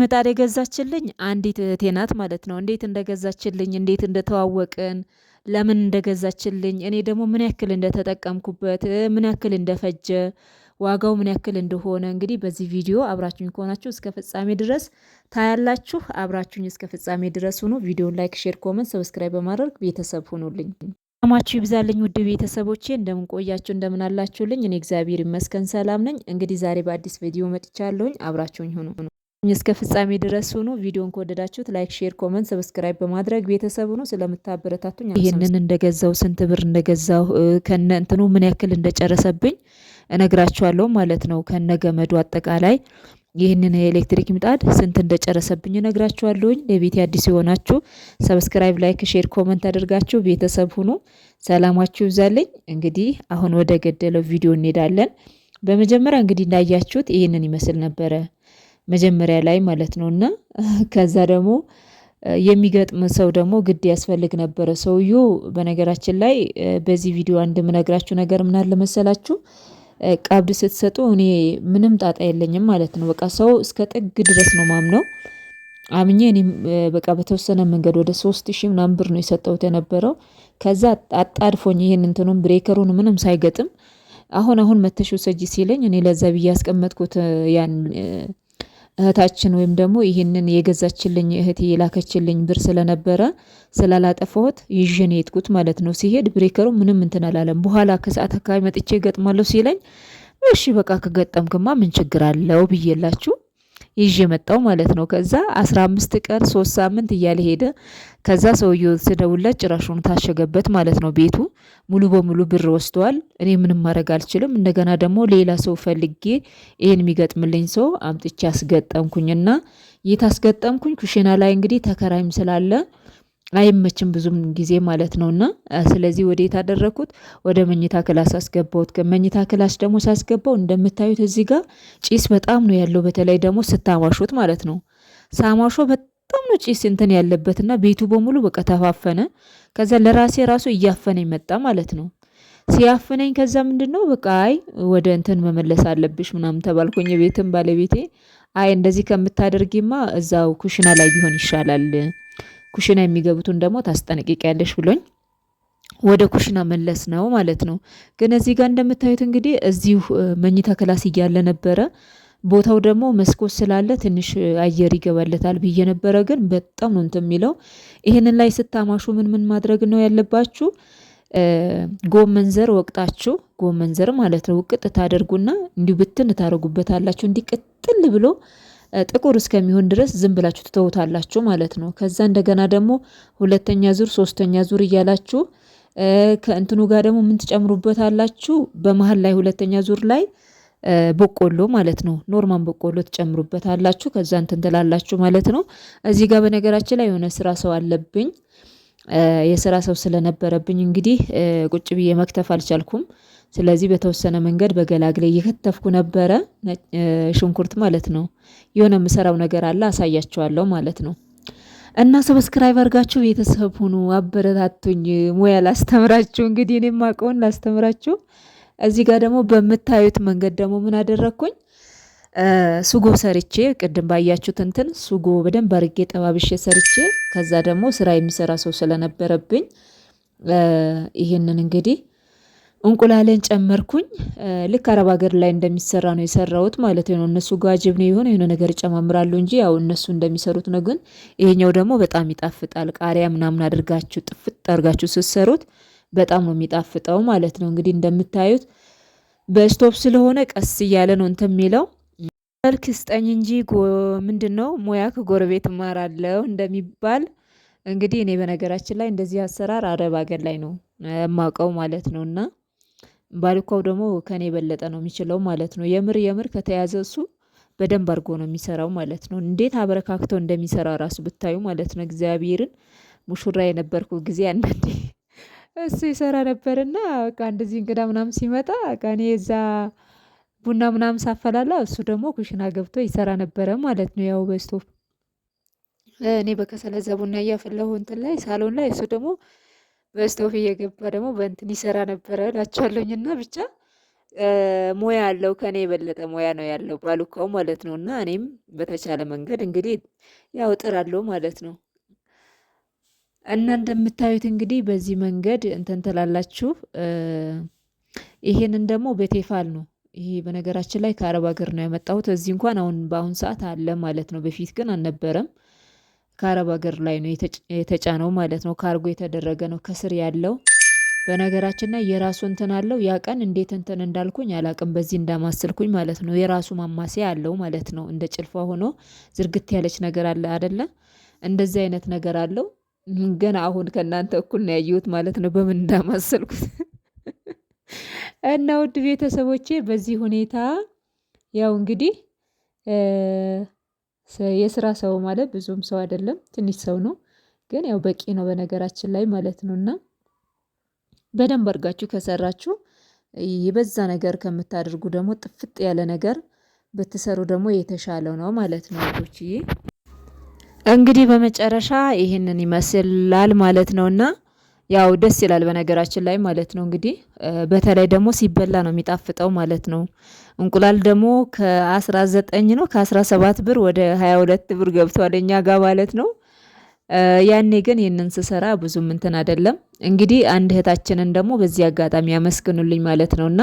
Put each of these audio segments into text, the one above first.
ምጣድ የገዛችልኝ አንዲት እህቴ ናት ማለት ነው። እንዴት እንደገዛችልኝ እንዴት እንደተዋወቅን ለምን እንደገዛችልኝ እኔ ደግሞ ምን ያክል እንደተጠቀምኩበት ምን ያክል እንደፈጀ ዋጋው ምን ያክል እንደሆነ እንግዲህ በዚህ ቪዲዮ አብራችሁኝ ከሆናችሁ እስከ ፍጻሜ ድረስ ታያላችሁ። አብራችሁኝ እስከ ፍጻሜ ድረስ ሁኑ። ቪዲዮን ላይክ፣ ሼር፣ ኮመንት፣ ሰብስክራይብ በማድረግ ቤተሰብ ሁኑልኝ። ሰላማችሁ ይብዛልኝ ውድ ቤተሰቦቼ፣ እንደምን ቆያችሁ እንደምን አላችሁልኝ? እኔ እግዚአብሔር ይመስገን ሰላም ነኝ። እንግዲህ ዛሬ በአዲስ ቪዲዮ መጥቻለሁኝ። አብራችሁኝ ሁኑ። እስከ ፍጻሜ ድረስ ሁኑ። ቪዲዮን ከወደዳችሁት ላይክ፣ ሼር፣ ኮመንት፣ ሰብስክራይብ በማድረግ ቤተሰብ ሁኑ። ስለምታበረታቱኝ ይህንን እንደገዛው ስንት ብር እንደገዛው ከነ እንትኑ ምን ያክል እንደጨረሰብኝ እነግራችኋለሁ ማለት ነው። ከነ ገመዱ አጠቃላይ ይህንን የኤሌክትሪክ ምጣድ ስንት እንደጨረሰብኝ እነግራችኋለሁኝ። ለቤት አዲስ የሆናችሁ ሰብስክራይብ፣ ላይክ፣ ሼር፣ ኮመንት አድርጋችሁ ቤተሰብ ሁኑ። ሰላማችሁ ይብዛልኝ። እንግዲህ አሁን ወደ ገደለው ቪዲዮ እንሄዳለን። በመጀመሪያ እንግዲህ እንዳያችሁት ይህንን ይመስል ነበረ መጀመሪያ ላይ ማለት ነው እና ከዛ ደግሞ የሚገጥም ሰው ደግሞ ግድ ያስፈልግ ነበረ። ሰውየው በነገራችን ላይ በዚህ ቪዲዮ አንድ ምነግራችሁ ነገር ምን መሰላችሁ? ቀብድ ስትሰጡ እኔ ምንም ጣጣ የለኝም ማለት ነው። በቃ ሰው እስከ ጥግ ድረስ ነው ማምነው አምኜ እኔም በቃ በተወሰነ መንገድ ወደ ሶስት ሺ ምናምን ብር ነው የሰጠሁት የነበረው። ከዛ አጣድፎኝ ይህን እንትኑን ብሬከሩን ምንም ሳይገጥም አሁን አሁን መተሽ ውሰጂ ሲለኝ እኔ ለዛ ብዬ ያስቀመጥኩት ያን እህታችን ወይም ደግሞ ይህንን የገዛችልኝ እህት የላከችልኝ ብር ስለነበረ ስላላጠፋሁት ይዥን የትኩት ማለት ነው። ሲሄድ ብሬከሩ ምንም እንትን አላለም። በኋላ ከሰዓት አካባቢ መጥቼ ገጥማለሁ ሲለኝ እሺ በቃ ከገጠምክማ ምን ችግር አለው ብዬላችሁ ይዤ መጣው ማለት ነው። ከዛ አስራ አምስት ቀን ሶስት ሳምንት እያለ ሄደ። ከዛ ሰውየው ስደውልለት ጭራሹን ታሸገበት ማለት ነው። ቤቱ ሙሉ በሙሉ ብር ወስደዋል። እኔ ምንም ማድረግ አልችልም። እንደገና ደግሞ ሌላ ሰው ፈልጌ ይሄን የሚገጥምልኝ ሰው አምጥቼ አስገጠምኩኝና የት አስገጠምኩኝ? ኩሽና ላይ እንግዲህ ተከራይም ስላለ አይመችም ብዙም ጊዜ ማለት ነው። እና ስለዚህ ወዴት አደረኩት? ወደ መኝታ ክላስ አስገባሁት። መኝታ ክላስ ደግሞ ሳስገባው እንደምታዩት እዚህ ጋር ጭስ በጣም ነው ያለው። በተለይ ደግሞ ስታማሾት ማለት ነው። ሳማሾ በጣም ነው ጭስ እንትን ያለበት እና ቤቱ በሙሉ በቃ ተፋፈነ። ከዛ ለራሴ ራሱ እያፈነኝ መጣ ማለት ነው። ሲያፍነኝ ከዛ ምንድን ነው በቃ አይ ወደ እንትን መመለስ አለብሽ ምናምን ተባልኩኝ። ቤትም ባለቤቴ አይ እንደዚህ ከምታደርጊማ እዛው ኩሽና ላይ ቢሆን ይሻላል ኩሽና የሚገቡትን ደግሞ ታስጠነቅቂያለሽ ብሎኝ ወደ ኩሽና መለስ ነው ማለት ነው። ግን እዚህ ጋር እንደምታዩት እንግዲህ እዚሁ መኝታ ክላስ እያለ ነበረ። ቦታው ደግሞ መስኮት ስላለ ትንሽ አየር ይገባለታል ብዬ ነበረ። ግን በጣም ነው እንትን የሚለው። ይህንን ላይ ስታማሹ ምን ምን ማድረግ ነው ያለባችሁ? ጎመን ዘር ወቅጣችሁ፣ ጎመን ዘር ማለት ነው ውቅጥ ታደርጉና እንዲሁ ብትን ታደርጉበታላችሁ እንዲህ ቅጥል ብሎ ጥቁር እስከሚሆን ድረስ ዝም ብላችሁ ትተውታላችሁ ማለት ነው። ከዛ እንደገና ደግሞ ሁለተኛ ዙር፣ ሶስተኛ ዙር እያላችሁ ከእንትኑ ጋር ደግሞ ምን ትጨምሩበት አላችሁ? በመሀል ላይ ሁለተኛ ዙር ላይ በቆሎ ማለት ነው። ኖርማን በቆሎ ትጨምሩበት አላችሁ። ከዛ እንትን ትላላችሁ ማለት ነው። እዚህ ጋር በነገራችን ላይ የሆነ ስራ ሰው አለብኝ የስራ ሰው ስለነበረብኝ እንግዲህ ቁጭ ብዬ መክተፍ አልቻልኩም። ስለዚህ በተወሰነ መንገድ በገላግሌ እየከተፍኩ ነበረ፣ ሽንኩርት ማለት ነው። የሆነ የምሰራው ነገር አለ፣ አሳያችኋለሁ ማለት ነው። እና ሰብስክራይብ አድርጋችሁ ቤተሰብ ሁኑ፣ አበረታቱኝ፣ ሙያ ላስተምራችሁ። እንግዲህ እኔ ማቀውን ላስተምራችሁ። እዚህ ጋር ደግሞ በምታዩት መንገድ ደግሞ ምን አደረግኩኝ? ሱጎ ሰርቼ ቅድም ባያችሁት እንትን ሱጎ በደንብ አርጌ ጠባብሼ ሰርቼ፣ ከዛ ደግሞ ስራ የሚሰራ ሰው ስለነበረብኝ ይህንን እንግዲህ እንቁላልን ጨመርኩኝ ልክ አረብ ሀገር ላይ እንደሚሰራ ነው የሰራሁት ማለት ነው። እነሱ ጋጅብ ነው የሆነ የሆነ ነገር ይጨማምራሉ እንጂ ያው እነሱ እንደሚሰሩት ነው። ግን ይሄኛው ደግሞ በጣም ይጣፍጣል። ቃሪያ ምናምን አድርጋችሁ ጥፍጥ አድርጋችሁ ስትሰሩት በጣም ነው የሚጣፍጠው ማለት ነው። እንግዲህ እንደምታዩት በስቶፕ ስለሆነ ቀስ እያለ ነው እንትን የሚለው መልክ ስጠኝ እንጂ ምንድን ነው ሙያ ከጎረቤት እማራለሁ እንደሚባል እንግዲህ እኔ በነገራችን ላይ እንደዚህ አሰራር አረብ ሀገር ላይ ነው የማውቀው ማለት ነው እና ባልኳው ደግሞ ከኔ የበለጠ ነው የሚችለው ማለት ነው። የምር የምር ከተያዘ እሱ በደንብ አድርጎ ነው የሚሰራው ማለት ነው። እንዴት አበረካክቶ እንደሚሰራ ራሱ ብታዩ ማለት ነው። እግዚአብሔርን ሙሽራ የነበርኩ ጊዜ አንዳንዴ እሱ ይሰራ ነበርና በቃ እንደዚህ እንግዳ ምናምን ሲመጣ በቃ እዛ ቡና ምናምን ሳፈላላ እሱ ደግሞ ኩሽና ገብቶ ይሰራ ነበረ ማለት ነው። ያው በስቶቭ እኔ በከሰል ቡና እያፈላሁ እንትን ላይ ሳሎን ላይ እሱ ደግሞ በስቶፍ እየገባ ደግሞ በእንትን ይሰራ ነበረ እላቸዋለሁኝ። እና ብቻ ሙያ አለው ከኔ የበለጠ ሙያ ነው ያለው ባሉካው ማለት ነው። እና እኔም በተቻለ መንገድ እንግዲህ ያው እጥራለሁ ማለት ነው። እና እንደምታዩት እንግዲህ በዚህ መንገድ እንትን ትላላችሁ። ይሄንን ደግሞ በቴፋል ነው ይሄ በነገራችን ላይ ከአረብ ሀገር ነው ያመጣሁት። እዚህ እንኳን አሁን በአሁን ሰዓት አለ ማለት ነው። በፊት ግን አልነበረም። ከአረብ ሀገር ላይ ነው የተጫነው ማለት ነው። ካርጎ የተደረገ ነው ከስር ያለው በነገራችን ላይ የራሱ እንትን አለው። ያ ቀን እንዴት እንትን እንዳልኩኝ አላቅም። በዚህ እንዳማስልኩኝ ማለት ነው። የራሱ ማማሰያ አለው ማለት ነው። እንደ ጭልፋ ሆኖ ዝርግት ያለች ነገር አለ አደለ? እንደዚህ አይነት ነገር አለው። ገና አሁን ከእናንተ እኩል ነው ያየሁት ማለት ነው፣ በምን እንዳማሰልኩት እና ውድ ቤተሰቦቼ በዚህ ሁኔታ ያው እንግዲህ የስራ ሰው ማለት ብዙም ሰው አይደለም ትንሽ ሰው ነው። ግን ያው በቂ ነው በነገራችን ላይ ማለት ነው። እና በደንብ አድርጋችሁ ከሰራችሁ የበዛ ነገር ከምታደርጉ ደግሞ ጥፍጥ ያለ ነገር ብትሰሩ ደግሞ የተሻለው ነው ማለት ነው። ውዶችዬ እንግዲህ በመጨረሻ ይህንን ይመስላል ማለት ነው እና ያው ደስ ይላል በነገራችን ላይ ማለት ነው። እንግዲህ በተለይ ደግሞ ሲበላ ነው የሚጣፍጠው ማለት ነው። እንቁላል ደግሞ ከ19 ነው ከ17 ብር ወደ 22 ብር ገብቷል እኛ ጋር ማለት ነው። ያኔ ግን ይህንን ስሰራ ብዙም እንትን አይደለም። እንግዲህ አንድ እህታችንን ደግሞ በዚህ አጋጣሚ ያመስግኑልኝ ማለት ነውና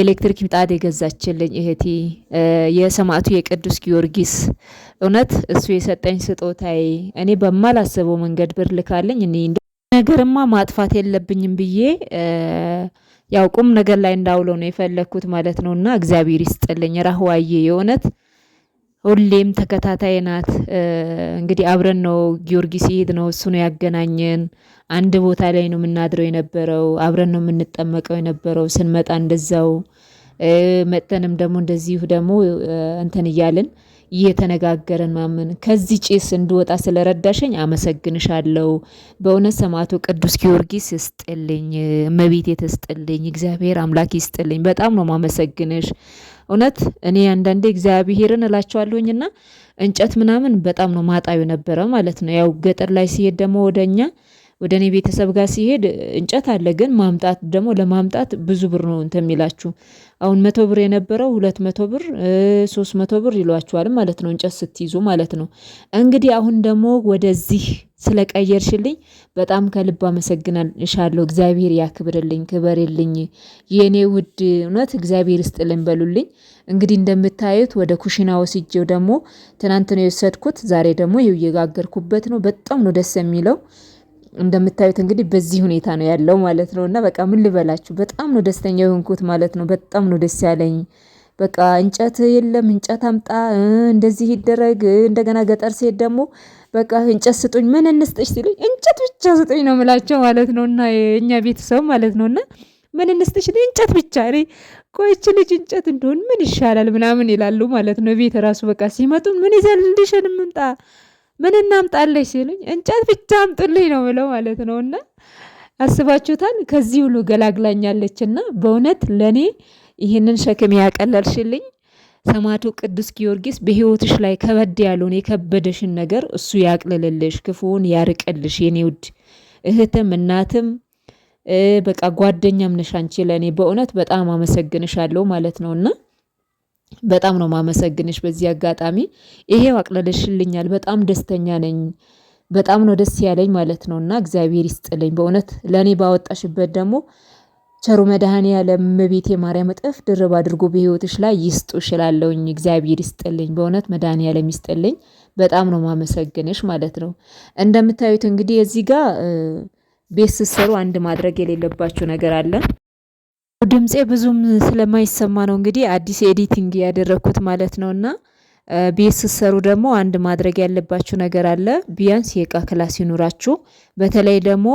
ኤሌክትሪክ ምጣድ የገዛችልኝ እህቴ የሰማዕቱ የቅዱስ ጊዮርጊስ እውነት እሱ የሰጠኝ ስጦታዬ እኔ በማላስበው መንገድ ብር ልካለኝ ነገርማ ማጥፋት የለብኝም ብዬ ያው ቁም ነገር ላይ እንዳውለው ነው የፈለግኩት ማለት ነው። እና እግዚአብሔር ይስጥልኝ ራህዋዬ የእውነት ሁሌም ተከታታይ ናት። እንግዲህ አብረን ነው ጊዮርጊስ ሲሄድ ነው እሱ ነው ያገናኘን። አንድ ቦታ ላይ ነው የምናድረው የነበረው፣ አብረን ነው የምንጠመቀው የነበረው። ስንመጣ እንደዛው መጠንም ደግሞ እንደዚሁ ደግሞ እንትን እያልን እየተነጋገረን ማምን ከዚህ ጭስ እንድወጣ ስለረዳሽኝ አመሰግንሻለሁ። በእውነት ሰማዕቱ ቅዱስ ጊዮርጊስ ይስጥልኝ፣ እመቤቴ ትስጥልኝ፣ እግዚአብሔር አምላክ ይስጥልኝ። በጣም ነው ማመሰግንሽ። እውነት እኔ አንዳንዴ እግዚአብሔርን እላቸዋለሁኝና እንጨት ምናምን በጣም ነው ማጣዩ ነበረ ማለት ነው። ያው ገጠር ላይ ሲሄድ ደግሞ ወደኛ ወደ እኔ ቤተሰብ ጋር ሲሄድ እንጨት አለ፣ ግን ማምጣት ደግሞ ለማምጣት ብዙ ብር ነው እንትን የሚላችሁ። አሁን መቶ ብር የነበረው ሁለት መቶ ብር ሶስት መቶ ብር ይሏችኋል ማለት ነው፣ እንጨት ስትይዙ ማለት ነው። እንግዲህ አሁን ደግሞ ወደዚህ ስለቀየርሽልኝ በጣም ከልብ አመሰግናልሻለሁ። እግዚአብሔር ያክብርልኝ፣ ክበርልኝ የእኔ ውድ እውነት እግዚአብሔር ይስጥልኝ በሉልኝ። እንግዲህ እንደምታዩት ወደ ኩሽና ወስጄው ደግሞ ትናንት ነው የወሰድኩት። ዛሬ ደግሞ ይኸው እየጋገርኩበት ነው። በጣም ነው ደስ የሚለው እንደምታዩት እንግዲህ በዚህ ሁኔታ ነው ያለው ማለት ነው። እና በቃ ምን ልበላችሁ በጣም ነው ደስተኛ የሆንኩት ማለት ነው። በጣም ነው ደስ ያለኝ። በቃ እንጨት የለም እንጨት አምጣ፣ እንደዚህ ይደረግ። እንደገና ገጠር ሲሄድ ደግሞ በቃ እንጨት ስጡኝ፣ ምን እንስጥሽ ሲሉኝ እንጨት ብቻ ስጡኝ ነው ምላቸው ማለት ነው። እና የእኛ ቤተሰብ ማለት ነው እና ምን እንስጥሽ እንጨት ብቻ እኔ ቆይች ልጅ እንጨት እንደሆን ምን ይሻላል ምናምን ይላሉ ማለት ነው። ቤት ራሱ በቃ ሲመጡ ምን ይዘልልሽን ምምጣ ምን እናምጣለሽ ሲሉኝ እንጨት ብቻ አምጡልኝ ነው ብለው ማለት ነው። እና አስባችሁታል? ከዚህ ሁሉ ገላግላኛለች እና በእውነት ለእኔ ይህንን ሸክም ያቀለልሽልኝ ሰማዕቱ ቅዱስ ጊዮርጊስ በህይወትሽ ላይ ከበድ ያለውን የከበደሽን ነገር እሱ ያቅልልልሽ፣ ክፉውን ያርቅልሽ። የኔ ውድ እህትም እናትም በቃ ጓደኛም ነሽ አንቺ ለእኔ በእውነት በጣም አመሰግንሻለሁ ማለት ነውና በጣም ነው ማመሰግንሽ። በዚህ አጋጣሚ ይሄው አቅለልሽልኛል። በጣም ደስተኛ ነኝ። በጣም ነው ደስ ያለኝ ማለት ነው እና እግዚአብሔር ይስጥልኝ በእውነት ለእኔ ባወጣሽበት ደግሞ ቸሩ መድኃኔዓለም እመቤቴ ማርያም እጥፍ ድርብ አድርጎ በሕይወትሽ ላይ ይስጡ ይችላለውኝ። እግዚአብሔር ይስጥልኝ በእውነት መድኃኔዓለም ይስጥልኝ። በጣም ነው ማመሰግንሽ ማለት ነው። እንደምታዩት እንግዲህ እዚህ ጋር ቤት ስትሰሩ አንድ ማድረግ የሌለባችሁ ነገር አለን። ድምፄ ብዙም ስለማይሰማ ነው እንግዲህ አዲስ ኤዲቲንግ ያደረግኩት ማለት ነው። እና ቤት ስትሰሩ ደግሞ አንድ ማድረግ ያለባችሁ ነገር አለ። ቢያንስ የእቃ ክላስ ይኑራችሁ። በተለይ ደግሞ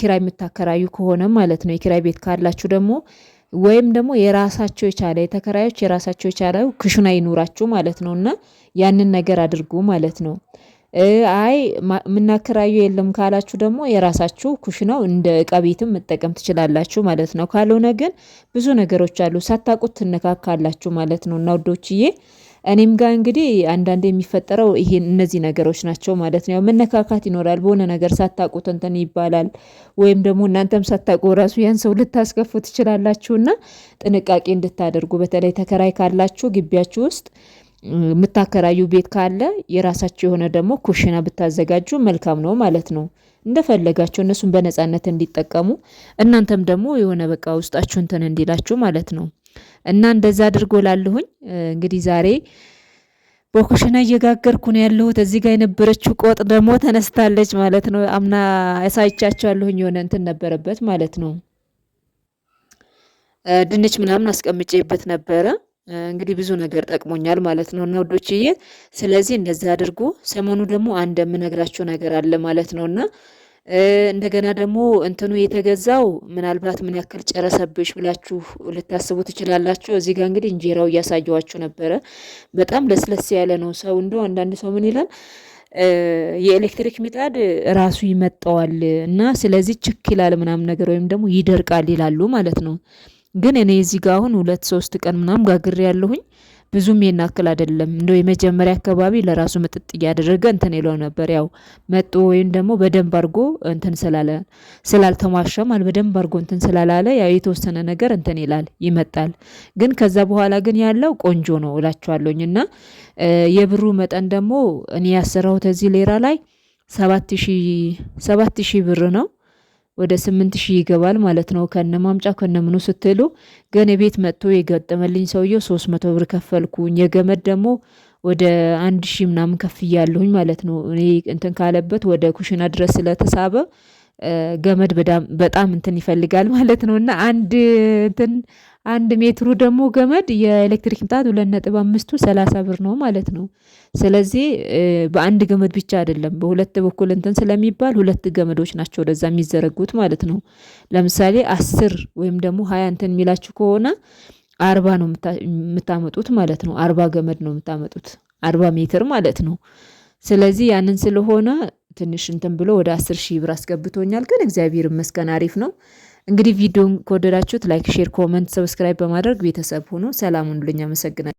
ኪራይ የምታከራዩ ከሆነ ማለት ነው። የኪራይ ቤት ካላችሁ ደግሞ ወይም ደግሞ የራሳቸው የቻለ የተከራዮች የራሳቸው የቻለ ክሽና ይኑራችሁ ማለት ነው። እና ያንን ነገር አድርጉ ማለት ነው። አይ የምናከራየው የለም ካላችሁ ደግሞ የራሳችሁ ኩሽናው እንደ እቃ ቤትም መጠቀም ትችላላችሁ ማለት ነው። ካልሆነ ግን ብዙ ነገሮች አሉ ሳታቁት ትነካካላችሁ ማለት ነው እና ውዶችዬ እኔም ጋር እንግዲህ አንዳንድ የሚፈጠረው ይሄን እነዚህ ነገሮች ናቸው ማለት ነው። መነካካት ይኖራል። በሆነ ነገር ሳታውቁት እንትን ይባላል ወይም ደግሞ እናንተም ሳታቁ ራሱ ያን ሰው ልታስከፉ ትችላላችሁና ጥንቃቄ እንድታደርጉ በተለይ ተከራይ ካላችሁ ግቢያችሁ ውስጥ የምታከራዩ ቤት ካለ የራሳችሁ የሆነ ደግሞ ኩሽና ብታዘጋጁ መልካም ነው ማለት ነው። እንደፈለጋቸው እነሱን በነፃነት እንዲጠቀሙ እናንተም ደግሞ የሆነ በቃ ውስጣችሁ እንትን እንዲላችሁ ማለት ነው። እና እንደዛ አድርጎ ላለሁኝ እንግዲህ ዛሬ በኩሽና እየጋገርኩ ነው ያለሁት። እዚህ ጋር የነበረችው ቆጥ ደግሞ ተነስታለች ማለት ነው። አምና ያሳይቻቸዋለሁኝ የሆነ እንትን ነበረበት ማለት ነው። ድንች ምናምን አስቀምጬበት ነበረ እንግዲህ ብዙ ነገር ጠቅሞኛል ማለት ነው እና ውዶችዬ፣ ስለዚህ እንደዛ አድርጉ። ሰሞኑ ደግሞ አንድ የምነግራቸው ነገር አለ ማለት ነው እና እንደገና ደግሞ እንትኑ የተገዛው ምናልባት ምን ያክል ጨረሰብሽ ብላችሁ ልታስቡ ትችላላችሁ። እዚህ ጋር እንግዲህ እንጀራው እያሳየዋችሁ ነበረ። በጣም ለስለስ ያለ ነው። ሰው እንደው አንዳንድ ሰው ምን ይላል የኤሌክትሪክ ምጣድ ራሱ ይመጣዋል እና ስለዚህ ችክ ይላል ምናምን ነገር ወይም ደግሞ ይደርቃል ይላሉ ማለት ነው። ግን እኔ እዚህ ጋር አሁን ሁለት ሶስት ቀን ምናምን ጋግሬ ያለሁኝ ብዙም የናክል አይደለም። እንደው የመጀመሪያ አካባቢ ለራሱ ምጥጥ እያደረገ እንትን ይለው ነበር። ያው መጦ ወይም ደግሞ በደንብ አድርጎ እንትን ስላለ ስላልተሟሸ ማል በደንብ አድርጎ እንትን ስላላለ ያው የተወሰነ ነገር እንትን ይላል ይመጣል። ግን ከዛ በኋላ ግን ያለው ቆንጆ ነው እላችኋለሁኝ። እና የብሩ መጠን ደግሞ እኔ ያሰራሁት እዚህ ሌራ ላይ ሰባት ሰባት ሺህ ብር ነው ወደ ስምንት ሺህ ይገባል ማለት ነው። ከነ ማምጫ ከነ ምኑ ስትሉ ግን ቤት መጥቶ የገጠመልኝ ሰውየው ሶስት መቶ ብር ከፈልኩኝ። የገመድ ደግሞ ወደ አንድ ሺህ ምናምን ከፍ እያለሁኝ ማለት ነው። እኔ እንትን ካለበት ወደ ኩሽና ድረስ ስለተሳበ ገመድ በጣም እንትን ይፈልጋል ማለት ነው እና አንድ እንትን አንድ ሜትሩ ደግሞ ገመድ የኤሌክትሪክ ምጣድ ሁለት ነጥብ አምስቱ ሰላሳ ብር ነው ማለት ነው። ስለዚህ በአንድ ገመድ ብቻ አይደለም በሁለት በኩል እንትን ስለሚባል ሁለት ገመዶች ናቸው ወደዛ የሚዘረጉት ማለት ነው። ለምሳሌ አስር ወይም ደግሞ ሀያ እንትን የሚላችሁ ከሆነ አርባ ነው የምታመጡት ማለት ነው። አርባ ገመድ ነው የምታመጡት አርባ ሜትር ማለት ነው። ስለዚህ ያንን ስለሆነ ትንሽ እንትን ብሎ ወደ አስር ሺህ ብር አስገብቶኛል። ግን እግዚአብሔር ይመስገን አሪፍ ነው። እንግዲህ ቪዲዮን ከወደዳችሁት ላይክ፣ ሼር፣ ኮመንት፣ ሰብስክራይብ በማድረግ ቤተሰብ ሆኖ ሰላም ሁኑልኝ። አመሰግናለሁ።